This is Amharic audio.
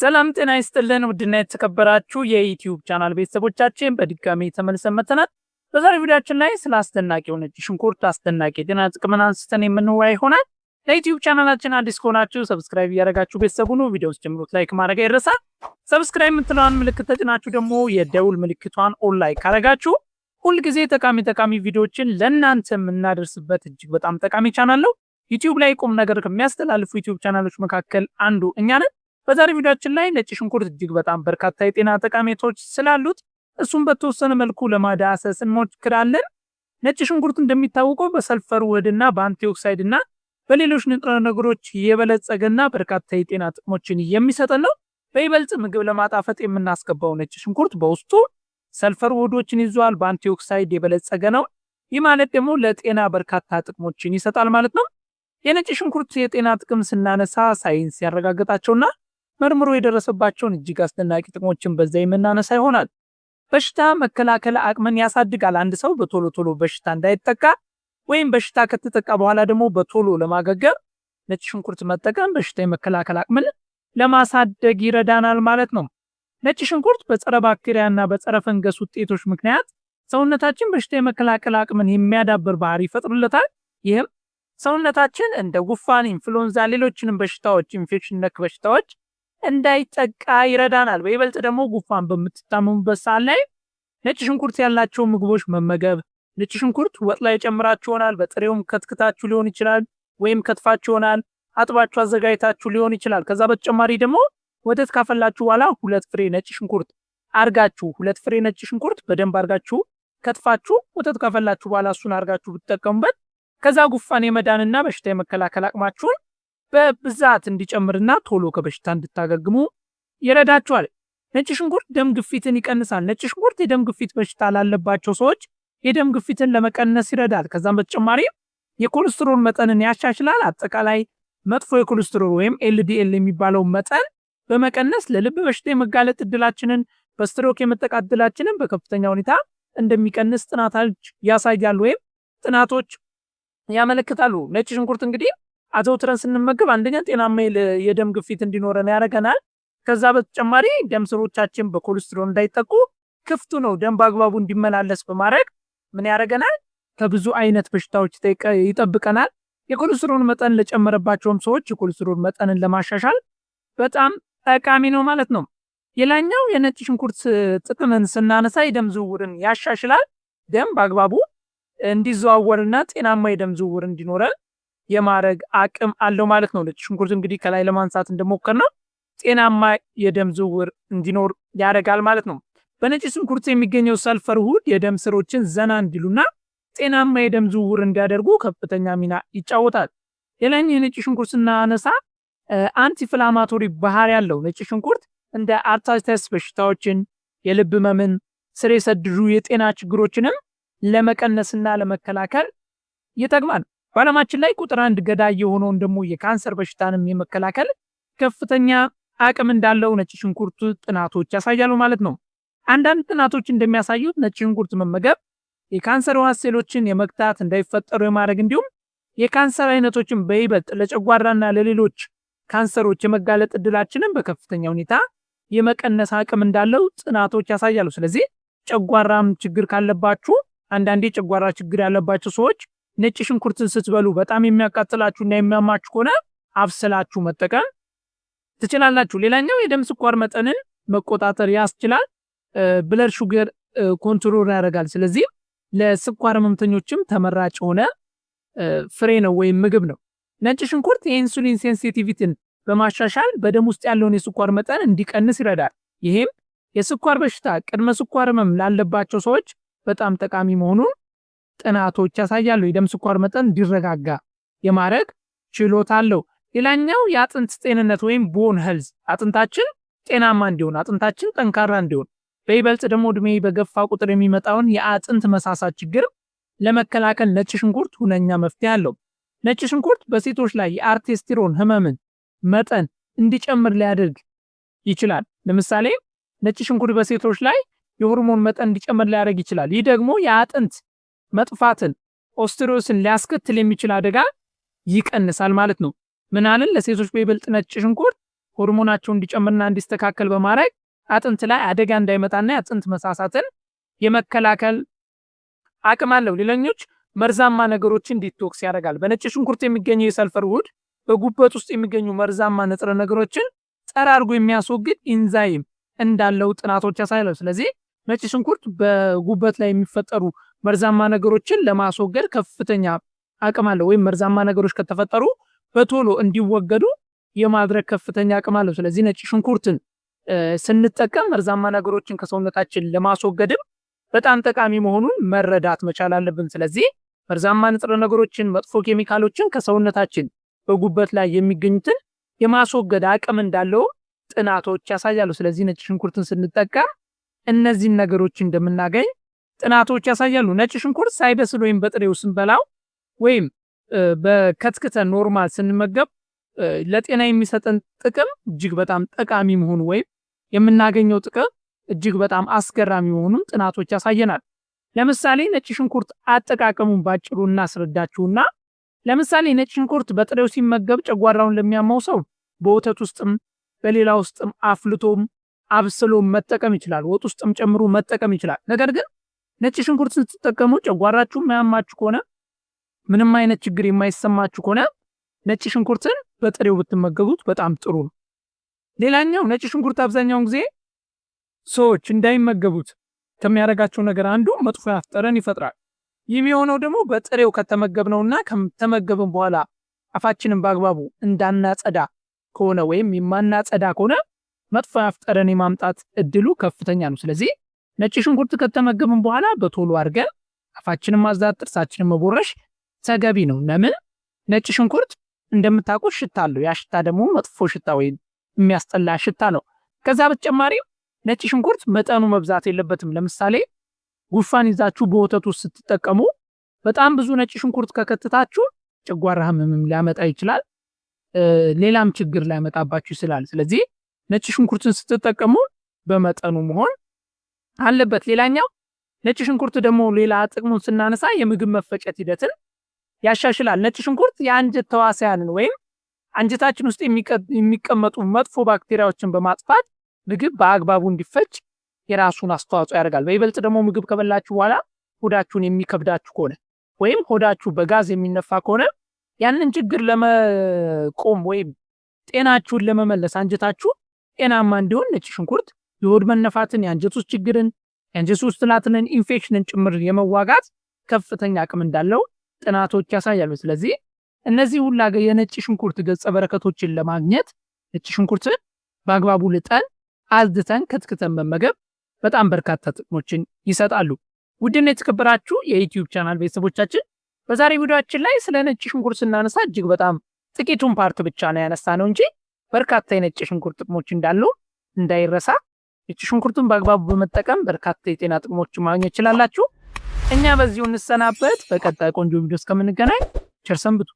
ሰላም ጤና ይስጥልን። ውድና የተከበራችሁ የዩትዩብ ቻናል ቤተሰቦቻችን በድጋሚ ተመልሰን መጥተናል። በዛሬ ቪዲዮችን ላይ ስለ አስደናቂ ነጭ ሽንኩርት አስደናቂ የጤና ጥቅምን አንስተን የምንወያይ ይሆናል። ለዩትዩብ ቻናላችን አዲስ ከሆናችሁ ሰብስክራይብ እያደረጋችሁ ቤተሰብ ሁኑ። ቪዲዮ ውስጥ ጀምሮት ላይክ ማድረግ ይረሳል። ሰብስክራይብ የምትለዋን ምልክት ተጭናችሁ ደግሞ የደውል ምልክቷን ኦንላይን ካረጋችሁ ሁልጊዜ ጠቃሚ ጠቃሚ ቪዲዮዎችን ለእናንተ የምናደርስበት እጅግ በጣም ጠቃሚ ቻናል ነው። ዩትዩብ ላይ ቁም ነገር ከሚያስተላልፉ ዩትዩብ ቻናሎች መካከል አንዱ እኛ ነን። በዛሬ ቪዲዮችን ላይ ነጭ ሽንኩርት እጅግ በጣም በርካታ የጤና ጠቀሜታዎች ስላሉት እሱም በተወሰነ መልኩ ለማዳሰስ እንሞክራለን። ነጭ ሽንኩርት እንደሚታወቀው በሰልፈር ውህድና በአንቲኦክሳይድ በሌሎች ንጥረ ነገሮች የበለጸገና በርካታ የጤና ጥቅሞችን የሚሰጠን ነው። በይበልጥ ምግብ ለማጣፈጥ የምናስገባው ነጭ ሽንኩርት በውስጡ ሰልፈር ውህዶችን ይዟል፣ በአንቲኦክሳይድ የበለጸገ ነው። ይህ ማለት ደግሞ ለጤና በርካታ ጥቅሞችን ይሰጣል ማለት ነው። የነጭ ሽንኩርት የጤና ጥቅም ስናነሳ ሳይንስ ያረጋገጣቸውና መርምሮ የደረሰባቸውን እጅግ አስደናቂ ጥቅሞችን በዛ የምናነሳ ይሆናል። በሽታ መከላከል አቅምን ያሳድጋል። አንድ ሰው በቶሎ ቶሎ በሽታ እንዳይጠቃ ወይም በሽታ ከተጠቃ በኋላ ደግሞ በቶሎ ለማገገብ ነጭ ሽንኩርት መጠቀም በሽታ የመከላከል አቅምን ለማሳደግ ይረዳናል ማለት ነው። ነጭ ሽንኩርት በጸረ ና በጸረ ፈንገስ ውጤቶች ምክንያት ሰውነታችን በሽታ የመከላከል አቅምን የሚያዳብር ባህሪ ይፈጥርለታል። ይህም ሰውነታችን እንደ ጉፋን፣ ኢንፍሉዌንዛ፣ ሌሎችንም በሽታዎች ኢንፌክሽን ነክ በሽታዎች እንዳይጠቃ ይረዳናል። በይበልጥ ደግሞ ጉፋን በምትታመሙበት ሰዓት ላይ ነጭ ሽንኩርት ያላቸው ምግቦች መመገብ። ነጭ ሽንኩርት ወጥ ላይ ጨምራችሁ ይሆናል፣ በጥሬውም ከትክታችሁ ሊሆን ይችላል፣ ወይም ከትፋችሁ ይሆናል፣ አጥባችሁ አዘጋጅታችሁ ሊሆን ይችላል። ከዛ በተጨማሪ ደግሞ ወተት ካፈላችሁ በኋላ ሁለት ፍሬ ነጭ ሽንኩርት አርጋችሁ ሁለት ፍሬ ነጭ ሽንኩርት በደንብ አርጋችሁ ከትፋችሁ ወተት ካፈላችሁ በኋላ እሱን አርጋችሁ ብትጠቀሙበት ከዛ ጉፋን የመዳንና በሽታ የመከላከል አቅማችሁን በብዛት እንዲጨምርና ቶሎ ከበሽታ እንድታገግሙ ይረዳቸዋል ነጭ ሽንኩርት ደም ግፊትን ይቀንሳል። ነጭ ሽንኩርት የደም ግፊት በሽታ ላለባቸው ሰዎች የደም ግፊትን ለመቀነስ ይረዳል። ከዛም በተጨማሪ የኮሌስትሮል መጠንን ያሻሽላል። አጠቃላይ መጥፎ የኮሌስትሮል ወይም ኤልዲኤል የሚባለው መጠን በመቀነስ ለልብ በሽታ የመጋለጥ እድላችንን በስትሮክ የመጠቃት እድላችንን በከፍተኛ ሁኔታ እንደሚቀንስ ጥናቶች ያሳያሉ ወይም ጥናቶች ያመለክታሉ። ነጭ ሽንኩርት እንግዲህ አዘውትረን ስንመገብ አንደኛ ጤናማ የደም ግፊት እንዲኖረን ያደርገናል። ከዛ በተጨማሪ ደም ስሮቻችን በኮሌስትሮል እንዳይጠቁ ክፍቱ ነው ደም በአግባቡ እንዲመላለስ በማድረግ ምን ያደርገናል? ከብዙ አይነት በሽታዎች ይጠብቀናል። የኮሌስትሮል መጠን ለጨመረባቸውም ሰዎች የኮሌስትሮል መጠንን ለማሻሻል በጣም ጠቃሚ ነው ማለት ነው። ሌላኛው የነጭ ሽንኩርት ጥቅምን ስናነሳ የደም ዝውውርን ያሻሽላል። ደም በአግባቡ እንዲዘዋወርና ጤናማ የደም ዝውውር እንዲኖረን የማድረግ አቅም አለው ማለት ነው። ነጭ ሽንኩርት እንግዲህ ከላይ ለማንሳት እንደሞከር ነው ጤናማ የደም ዝውውር እንዲኖር ያደርጋል ማለት ነው። በነጭ ሽንኩርት የሚገኘው ሰልፈር ውህድ የደም ስሮችን ዘና እንዲሉና ጤናማ የደም ዝውውር እንዲያደርጉ ከፍተኛ ሚና ይጫወታል። ሌላኛው የነጭ ሽንኩርት ስናነሳ አንቲፍላማቶሪ ባህሪ ያለው ነጭ ሽንኩርት እንደ አርተራይተስ በሽታዎችን፣ የልብ ህመምን፣ ስር የሰደዱ የጤና ችግሮችንም ለመቀነስና ለመከላከል ይጠቅማል። በዓለማችን ላይ ቁጥር አንድ ገዳይ የሆነውን ደግሞ የካንሰር በሽታንም የመከላከል ከፍተኛ አቅም እንዳለው ነጭ ሽንኩርት ጥናቶች ያሳያሉ ማለት ነው። አንዳንድ ጥናቶች እንደሚያሳዩት ነጭ ሽንኩርት መመገብ የካንሰር ውሃ ሴሎችን የመግታት እንዳይፈጠሩ የማድረግ እንዲሁም የካንሰር አይነቶችን በይበልጥ ለጨጓራና ለሌሎች ካንሰሮች የመጋለጥ እድላችንን በከፍተኛ ሁኔታ የመቀነስ አቅም እንዳለው ጥናቶች ያሳያሉ። ስለዚህ ጨጓራም ችግር ካለባችሁ አንዳንዴ ጨጓራ ችግር ያለባቸው ሰዎች ነጭ ሽንኩርትን ስትበሉ በጣም የሚያቃጥላችሁና የሚያማችሁ ከሆነ አብስላችሁ መጠቀም ትችላላችሁ። ሌላኛው የደም ስኳር መጠንን መቆጣጠር ያስችላል። ብለድ ሹገር ኮንትሮል ያደርጋል። ስለዚህ ለስኳር ህመምተኞችም ተመራጭ የሆነ ፍሬ ነው ወይም ምግብ ነው። ነጭ ሽንኩርት የኢንሱሊን ሴንሲቲቪቲን በማሻሻል በደም ውስጥ ያለውን የስኳር መጠን እንዲቀንስ ይረዳል። ይህም የስኳር በሽታ ቅድመ ስኳር ህመም ላለባቸው ሰዎች በጣም ጠቃሚ መሆኑን ጥናቶች ያሳያሉ። የደም ስኳር መጠን እንዲረጋጋ የማድረግ ችሎታ አለው። ሌላኛው የአጥንት ጤንነት ወይም ቦን ሄልዝ አጥንታችን ጤናማ እንዲሆን አጥንታችን ጠንካራ እንዲሆን በይበልጥ ደግሞ እድሜ በገፋ ቁጥር የሚመጣውን የአጥንት መሳሳት ችግር ለመከላከል ነጭ ሽንኩርት ሁነኛ መፍትሄ አለው። ነጭ ሽንኩርት በሴቶች ላይ የአርቴስቲሮን ህመምን መጠን እንዲጨምር ሊያደርግ ይችላል። ለምሳሌ ነጭ ሽንኩርት በሴቶች ላይ የሆርሞን መጠን እንዲጨምር ሊያደርግ ይችላል። ይህ ደግሞ የአጥንት መጥፋትን ኦስትሮስን ሊያስከትል የሚችል አደጋ ይቀንሳል ማለት ነው። ምናልን ለሴቶች በይበልጥ ነጭ ሽንኩርት ሆርሞናቸው እንዲጨምርና እንዲስተካከል በማድረግ አጥንት ላይ አደጋ እንዳይመጣና የአጥንት መሳሳትን የመከላከል አቅም አለው። ሌላኞች መርዛማ ነገሮችን ዲቶክስ ያደርጋል። በነጭ ሽንኩርት የሚገኘው የሰልፈር ውህድ በጉበት ውስጥ የሚገኙ መርዛማ ንጥረ ነገሮችን ጠራርጎ የሚያስወግድ ኢንዛይም እንዳለው ጥናቶች ያሳያሉ። ስለዚህ ነጭ ሽንኩርት በጉበት ላይ የሚፈጠሩ መርዛማ ነገሮችን ለማስወገድ ከፍተኛ አቅም አለው፣ ወይም መርዛማ ነገሮች ከተፈጠሩ በቶሎ እንዲወገዱ የማድረግ ከፍተኛ አቅም አለው። ስለዚህ ነጭ ሽንኩርትን ስንጠቀም መርዛማ ነገሮችን ከሰውነታችን ለማስወገድም በጣም ጠቃሚ መሆኑን መረዳት መቻል አለብን። ስለዚህ መርዛማ ንጥረ ነገሮችን፣ መጥፎ ኬሚካሎችን ከሰውነታችን በጉበት ላይ የሚገኙትን የማስወገድ አቅም እንዳለው ጥናቶች ያሳያሉ። ስለዚህ ነጭ ሽንኩርትን ስንጠቀም እነዚህን ነገሮች እንደምናገኝ ጥናቶች ያሳያሉ። ነጭ ሽንኩርት ሳይበስል ወይም በጥሬው ስንበላው ወይም በከትክተን ኖርማል ስንመገብ ለጤና የሚሰጠን ጥቅም እጅግ በጣም ጠቃሚ መሆኑ ወይም የምናገኘው ጥቅም እጅግ በጣም አስገራሚ መሆኑን ጥናቶች ያሳየናል። ለምሳሌ ነጭ ሽንኩርት አጠቃቀሙን ባጭሩ እናስረዳችሁና ለምሳሌ ነጭ ሽንኩርት በጥሬው ሲመገብ ጨጓራውን ለሚያማው ሰው በወተት ውስጥም በሌላ ውስጥም አፍልቶም አብስሎም መጠቀም ይችላል። ወጥ ውስጥም ጨምሮ መጠቀም ይችላል። ነገር ግን ነጭ ሽንኩርት ስትጠቀሙ ጨጓራችሁ የማያማችሁ ከሆነ ምንም አይነት ችግር የማይሰማችሁ ከሆነ ነጭ ሽንኩርትን በጥሬው ብትመገቡት በጣም ጥሩ ነው። ሌላኛው ነጭ ሽንኩርት አብዛኛውን ጊዜ ሰዎች እንዳይመገቡት ከሚያደርጋቸው ነገር አንዱ መጥፎ አፍጠረን ይፈጥራል። ይህ የሆነው ደግሞ በጥሬው ከተመገብነውና ከተመገብን በኋላ አፋችንን በአግባቡ እንዳናጸዳ ከሆነ ወይም የማናጸዳ ከሆነ መጥፎ አፍጠረን የማምጣት እድሉ ከፍተኛ ነው። ስለዚህ ነጭ ሽንኩርት ከተመገብን በኋላ በቶሎ አድርገን አፋችንን ማዝዳት ጥርሳችንን መቦረሽ ተገቢ ነው። ለምን ነጭ ሽንኩርት እንደምታውቁት ሽታ አለው። ያ ሽታ ደግሞ መጥፎ ሽታ ወይም የሚያስጠላ ሽታ ነው። ከዛ በተጨማሪም ነጭ ሽንኩርት መጠኑ መብዛት የለበትም። ለምሳሌ ጉፋን ይዛችሁ በወተቱ ስትጠቀሙ በጣም ብዙ ነጭ ሽንኩርት ከከትታችሁ ጨጓራ ህመምም ሊያመጣ ይችላል፣ ሌላም ችግር ሊያመጣባችሁ ይችላል። ስለዚህ ነጭ ሽንኩርትን ስትጠቀሙ በመጠኑ መሆን አለበት። ሌላኛው ነጭ ሽንኩርት ደግሞ ሌላ ጥቅሙን ስናነሳ የምግብ መፈጨት ሂደትን ያሻሽላል። ነጭ ሽንኩርት የአንጀት ተዋሳያንን ወይም አንጀታችን ውስጥ የሚቀመጡ መጥፎ ባክቴሪያዎችን በማጥፋት ምግብ በአግባቡ እንዲፈጭ የራሱን አስተዋጽኦ ያደርጋል። በይበልጥ ደግሞ ምግብ ከበላችሁ በኋላ ሆዳችሁን የሚከብዳችሁ ከሆነ ወይም ሆዳችሁ በጋዝ የሚነፋ ከሆነ ያንን ችግር ለመቆም ወይም ጤናችሁን ለመመለስ አንጀታችሁ ጤናማ እንዲሆን ነጭ ሽንኩርት የሆድ መነፋትን፣ የአንጀት ውስጥ ችግርን፣ የአንጀት ውስጥ ኢንፌክሽንን ጭምር የመዋጋት ከፍተኛ አቅም እንዳለው ጥናቶች ያሳያሉ። ስለዚህ እነዚህ ሁላ የነጭ ሽንኩርት ገጸ በረከቶችን ለማግኘት ነጭ ሽንኩርትን በአግባቡ ልጠን አዝድተን ከትክተን መመገብ በጣም በርካታ ጥቅሞችን ይሰጣሉ። ውድና የተከበራችሁ የዩትዩብ ቻናል ቤተሰቦቻችን በዛሬ ቪዲዮችን ላይ ስለ ነጭ ሽንኩርት ስናነሳ እጅግ በጣም ጥቂቱን ፓርት ብቻ ነው ያነሳ ነው እንጂ በርካታ የነጭ ሽንኩርት ጥቅሞች እንዳሉ እንዳይረሳ ነጭ ሽንኩርቱን በአግባቡ በመጠቀም በርካታ የጤና ጥቅሞችን ማግኘት ይችላላችሁ። እኛ በዚሁ እንሰናበት። በቀጣይ ቆንጆ ቪዲዮ እስከምንገናኝ ቸር ሰንብቱ።